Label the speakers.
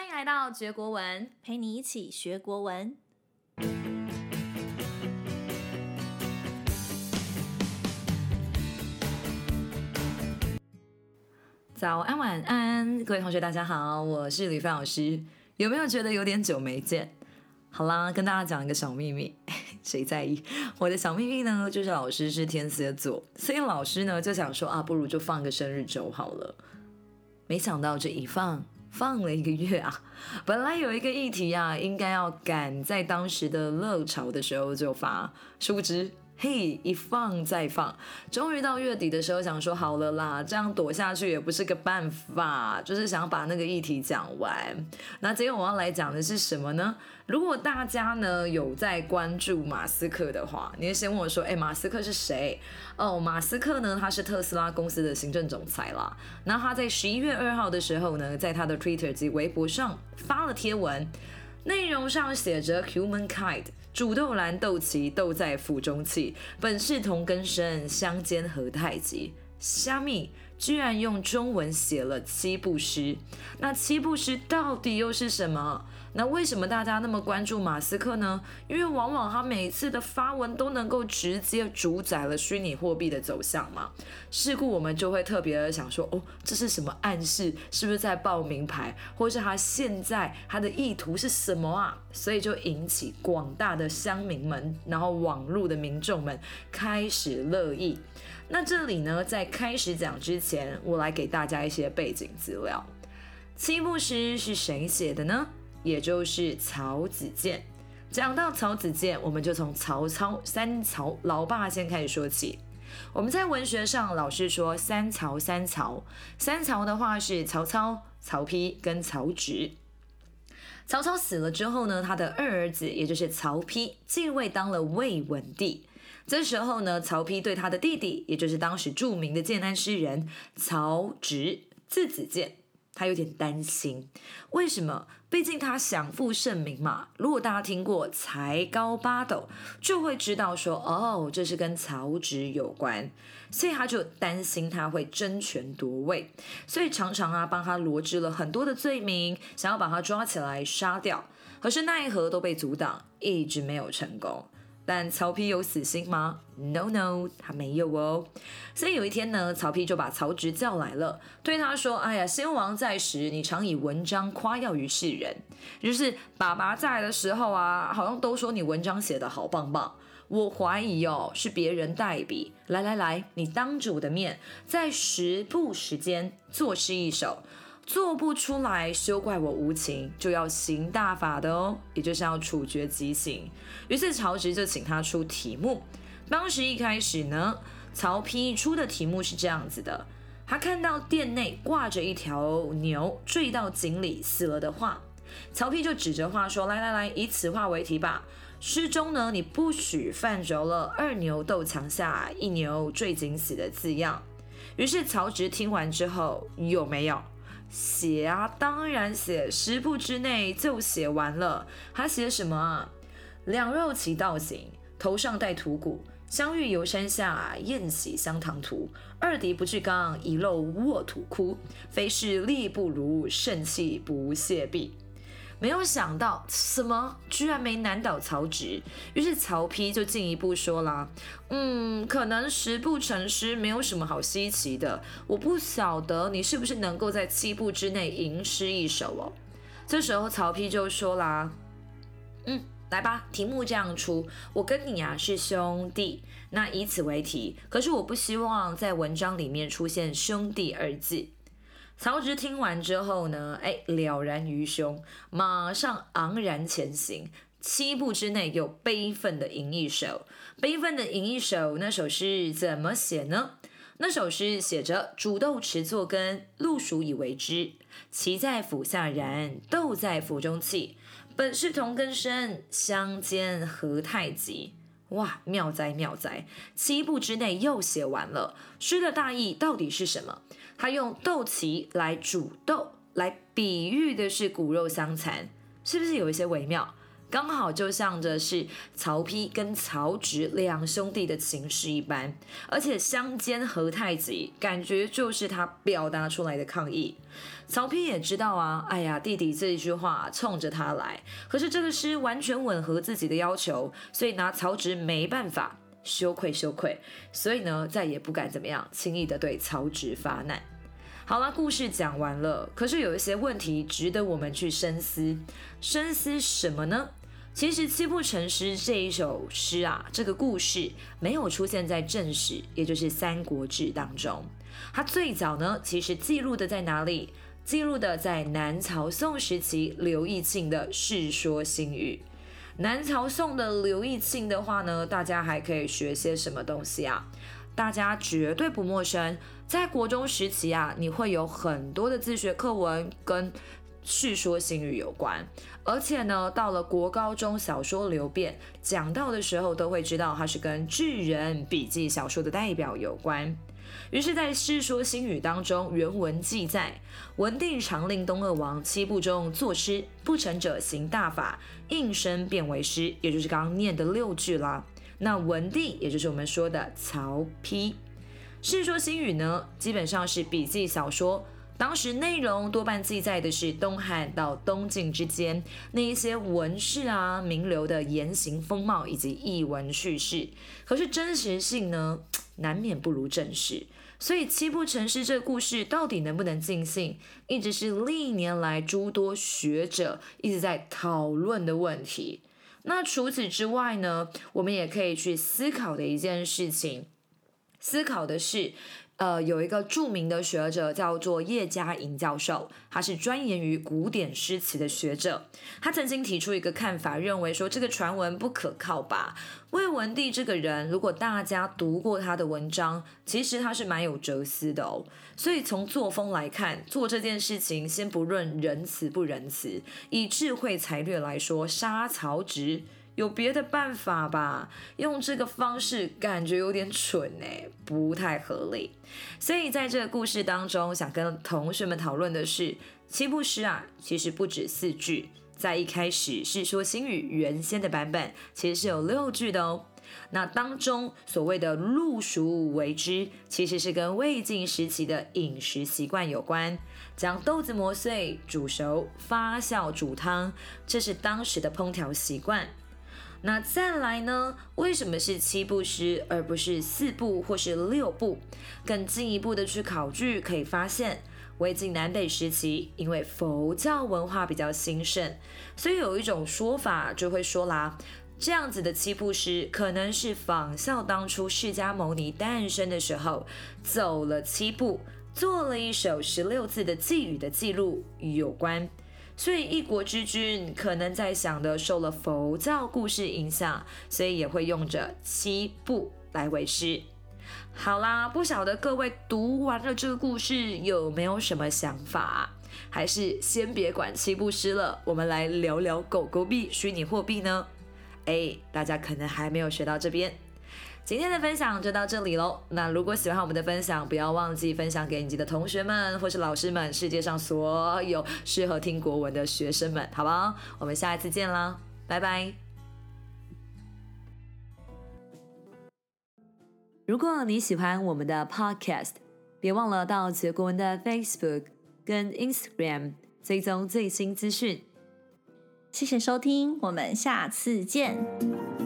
Speaker 1: 歡迎來到學國文，陪你一起學國文。早安晚安，各位同學，大家好，我是李范老師。有沒有覺得有點久沒見？好啦，跟大家講一個小祕密，誰在意？我的小祕密呢，就是老師是天蠍座，所以老師呢就想說啊，不如就放一個生日週好了。沒想到這一放。放了一個月啊，本來有一個議題啊，應該要趕在當時的熱潮的時候就發，殊不知。嘿，一放再放，終於到月底的時候，想說好了啦，這樣躲下去也不是個辦法，就是想把那個議題講完。那今天我要來講的是什麼呢？如果大家呢有在關注馬斯克的話，你就先問我說：“欸，馬斯克是誰？”哦，馬斯克呢，他是特斯拉公司的行政總裁啦。那他在十一月二號的時候呢，在他的 Twitter 及微博上發了貼文。內容上寫着 “humankind”。煮豆燃豆萁，豆在釜中泣。本是同根生，相煎何太急。蝦米。居然用中文寫了七步詩，那七步詩到底又是什麼？那為什麼大家那麼關注馬斯克呢？因為往往他每一次的發文都能夠直接主宰了虛擬貨幣的走向嘛。是故我們就會特別的想說，哦，這是什麼暗示？是不是在報名牌？或是他現在他的意圖是什麼啊？所以就引起廣大的鄉民們，然後網絡的民眾們開始樂意。那這裡呢，在開始講之前。前我來給大家一些背景資料，《七步詩》是誰寫的呢？也就是曹子建。講到曹子建，我們就從曹操三曹老爸先開始說起。我們在文學上老是說三曹，三曹，三曹的話是曹操、曹丕跟曹植。曹操死了之後呢，他的二兒子也就是曹丕繼位當了魏文帝。這時候呢，曹丕對他的弟弟，也就是當時著名的建安詩人曹植，字子建，他有點擔心。為什麼？畢竟他享負盛名嘛，如果大家聽過“才高八斗”，就會知道說，哦，這是跟曹植有關。所以他就擔心他會爭權奪位，所以常常啊幫他羅織了很多的罪名，想要把他抓起來殺掉。可是奈何都被阻擋，一直沒有成功。但曹丕有死心嗎？No No，他沒有哦。所以有一天呢，曹丕就把曹植叫來了，對他說：“哎呀，先王在時，你常以文章誇耀於世人。就是爸爸在的時候啊，好像都說你文章寫得好棒棒。我懷疑哦，是別人代筆。來來來，你當着我的面，在十步時間作詩一首。”做不出來，休怪我無情，就要行大法的哦，也就是要處決極刑。於是曹植就請他出題目。當時一開始呢，曹丕出的題目是這樣子的：他看到殿內掛着一條牛墜到井裡死了的畫，曹丕就指着畫說：“來來來，以此畫為題吧。詩中呢，你不許犯着了‘二牛鬥牆下，一牛墜井死’的字樣。”於是曹植聽完之後，你有沒有？寫啊，當然寫，十步之內就寫完了。他寫什麼啊？兩肉齊道行，頭上帶土骨。相遇游山下，宴喜相堂圖。二敵不俱剛，一露臥土窟。非是力不如，盛氣不泄畢。沒有想到，什麼居然沒難倒曹植。於是曹丕就進一步說了：“嗯，可能十步成詩，沒有什麼好稀奇的。我不曉得你是不是能夠在七步之內吟詩一首哦。”這時候曹丕就說啦：“嗯，來吧，題目這樣出，我跟你啊是兄弟，那以此為題。可是我不希望在文章裡面出現‘兄弟’二字。”曹植聽完之後呢，哎，了然於胸，馬上昂然前行，七步之內又悲憤地吟一首，悲憤地吟一首。那首詩怎麼寫呢？那首詩寫着：煮豆持作羹，漉菽以為汁。萁在釜下燃，豆在釜中泣。本是同根生，相煎何太急。哇，妙哉妙哉！七步之內又寫完了。詩的大意到底是什麼？他用豆萁來煮豆，來比喻的是骨肉相殘，是不是有一些微妙？剛好就像着是曹丕跟曹植兩兄弟的情事一般，而且相煎何太急，感覺就是他表達出來的抗議。曹丕也知道啊，哎呀，弟弟這一句話、啊、衝着他來，可是這個詩完全吻合自己的要求，所以拿曹植沒辦法，羞愧羞愧。所以呢，再也不敢怎麼樣輕易的對曹植發難。好啦，故事講完了，可是有一些問題值得我們去深思，深思什麼呢？其實《七步成詩》這一首詩啊，這個故事沒有出現在正史，也就是《三國志》當中。它最早呢，其實記錄的在哪裡？記錄的在南朝宋時期劉義慶的《世說新語》。南朝宋的劉義慶的話呢，大家還可以學些什麼東西啊？大家絕對不陌生。在國中時期啊，你會有很多的自學課文跟。《世說新語》有關，而且呢，到了國高中小說流變講到的時候，都會知道它是跟志人筆記小說的代表有關。於是，在《世說新語》當中，原文記載，文帝嘗令東阿王七步中作詩，不成者行大法，應聲便為詩，也就是剛剛念的六句啦。那文帝也就是我們說的曹丕，《世說新語》呢，基本上是筆記小說。當時內容多半記載的是東漢到東晉之間那一些文士啊、名流的言行風貌以及軼聞趣事，可是真實性呢，難免不如正史。所以七步成詩這個故事到底能不能盡信，一直是歷年來諸多學者一直在討論的問題。那除此之外呢，我們也可以去思考的一件事情，思考的是。呃，有一個著名的學者叫做葉嘉瑩教授，他是專研於古典詩詞的學者。他曾經提出一個看法，認為說這個傳聞不可靠吧。魏文帝這個人，如果大家讀過他的文章，其實他是蠻有哲思的哦。所以從作風來看，做這件事情，先不論仁慈不仁慈，以智慧才略來說，殺曹植，有別的辦法吧？用這個方式感覺有點蠢，欸、不太合理。所以在這個故事當中，想跟同學們討論的是，七步詩啊，其實不止四句。在一開始《世說新語》原先的版本其實是有六句的哦。那當中所謂的“漉菽以為汁”，其實是跟魏晉時期的飲食習慣有關。將豆子磨碎、煮熟、發酵、煮湯，這是當時的烹調習慣。那再來呢？為什麼是七步詩，而不是四步或是六步？更進一步的去考據，可以發現，魏晉南北時期，因為佛教文化比較興盛，所以有一種說法就會說啦，這樣子的七步詩，可能是仿效當初釋迦牟尼誕生的時候，走了七步，做了一首十六字的偈語的記錄與有關。所以一國之君可能在想的，受了佛教故事影響，所以也會用着七步來為詩。好啦，不曉得各位讀完了這個故事有沒有什麼想法？還是先別管七步詩了，我們來聊聊狗狗幣虛擬貨幣呢？誒，大家可能還沒有學到這邊。今天的分享就到這裡嘍。那如果喜歡我們的分享，不要忘記分享給你的同學們或是老師們，世界上所有適合聽國文的學生們，好不好？我們下一次見啦，拜拜。如果你喜歡我們的 Podcast，別忘了到學國文的 Facebook 跟 Instagram 追蹤最新資訊。謝謝收聽，我們下次見。